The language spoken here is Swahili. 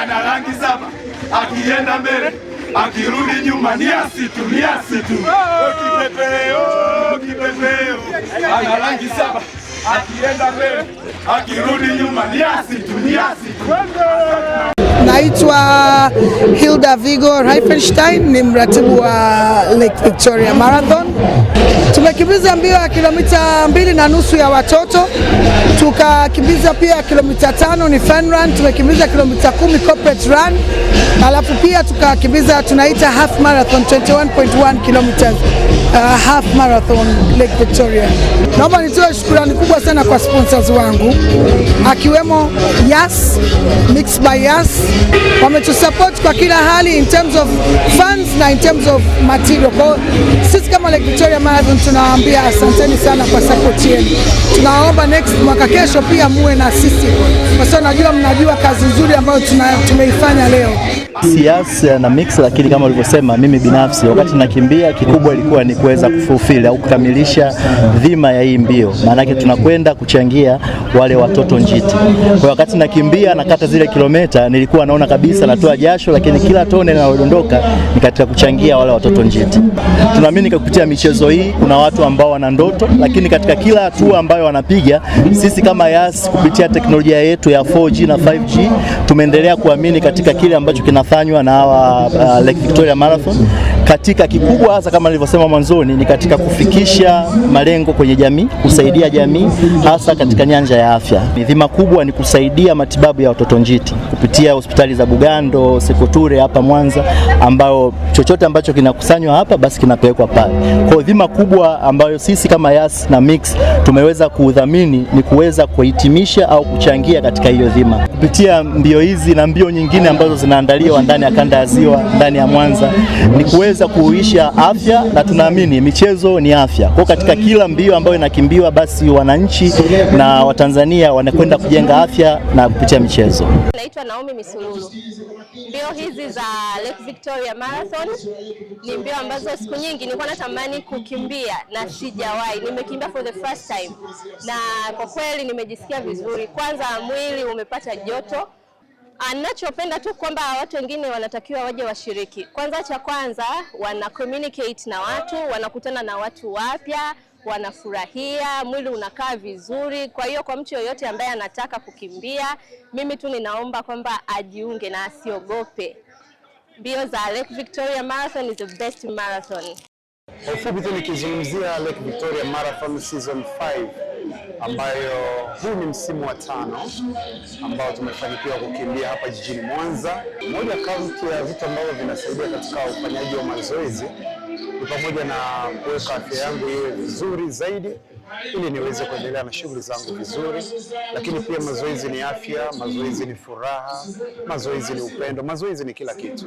ana rangi saba, akienda mbele akirudi nyuma ni asitu ni asitu. Oh, oh, kipepeo oh, kipepeo ana rangi saba, akienda mbele akirudi nyuma ni asitu ni asitu. Naitwa Hilda Vigo Riefenstein, ni mratibu wa Lake Victoria Marathon. Tumekimbiza mbio ya kilomita mbili na nusu ya watoto, tukakimbiza pia kilomita tano ni fun run, tumekimbiza kilomita kumi corporate run, alafu pia tukakimbiza tunaita half marathon 21.1 kilometers uh, half marathon Lake Victoria. Naomba nitoe shukrani kubwa sana kwa sponsors wangu akiwemo Yas Mix by Yas, wametusupport kwa kila hali in terms of funds na in terms of material. Kwa sisi kama Lake Victoria Marathon tunawaambia asanteni sana kwa support yenu. tunaomba next mwaka kesho pia muwe na sisi, kwa sababu najua mnajua kazi nzuri ambayo tumeifanya leo siasa na mix, lakini kama ulivyosema, mimi binafsi wakati nakimbia, kikubwa ilikuwa ni kuweza kufulfill au kukamilisha dhima ya hii mbio, maanake tunakwenda kuchangia wale watoto njiti. Kwa wakati nakimbia, nakata zile kilomita, nilikuwa naona kabisa natoa jasho, lakini kila tone linalodondoka ni katika kuchangia wale watoto njiti. Tunaamini kupitia michezo hii kuna watu ambao wana ndoto, lakini katika kila hatua ambayo wanapiga, sisi kama Yas kupitia teknolojia yetu ya 4G na 5G tumeendelea kuamini katika kile ambacho kina yanafanywa na hawa uh, Lake Victoria Marathon katika kikubwa hasa kama nilivyosema mwanzoni ni katika kufikisha malengo kwenye jamii, kusaidia jamii hasa katika nyanja ya afya. Dhima kubwa ni kusaidia matibabu ya watoto njiti kupitia hospitali za Bugando, Sekoture hapa Mwanza, ambao chochote ambacho kinakusanywa hapa basi kinapelekwa pale. Kwa dhima kubwa ambayo sisi kama Yas na Mix tumeweza kuudhamini ni kuweza kuhitimisha au kuchangia katika hiyo dhima kupitia mbio hizi na mbio nyingine ambazo zinaandaliwa ziwa, ndani ya kanda ya ziwa, ndani ya Mwanza ni kuweza kuuisha afya, na tunaamini michezo ni afya. Kwa katika kila mbio ambayo inakimbiwa, basi wananchi na Watanzania wanakwenda kujenga afya na kupitia michezo. Naitwa Naomi Misululu. Mbio hizi za Lake Victoria Marathon ni mbio ambazo siku nyingi nilikuwa natamani kukimbia na sijawahi. Nimekimbia for the first time na kwa kweli nimejisikia vizuri. Kwanza mwili umepata joto Anachopenda tu kwamba watu wengine wanatakiwa waje washiriki. Kwanza, cha kwanza wana communicate na watu, wanakutana na watu wapya, wanafurahia, mwili unakaa vizuri. Kwa hiyo kwa mtu yoyote ambaye anataka kukimbia, mimi tu ninaomba kwamba ajiunge na asiogope. Mbio za Lake Victoria Marathon is the best marathon. Kwa ufupi tu nikizungumzia Lake Victoria Marathon season 5 ambayo huu ni msimu wa tano ambao tumefanikiwa kukimbia hapa jijini Mwanza. Moja kati ya vitu ambavyo vinasaidia katika ufanyaji wa mazoezi ni pamoja na kuweka afya yangu iwe vizuri zaidi ili niweze kuendelea na shughuli zangu vizuri. Lakini pia mazoezi ni afya, mazoezi ni furaha, mazoezi ni upendo, mazoezi ni kila kitu.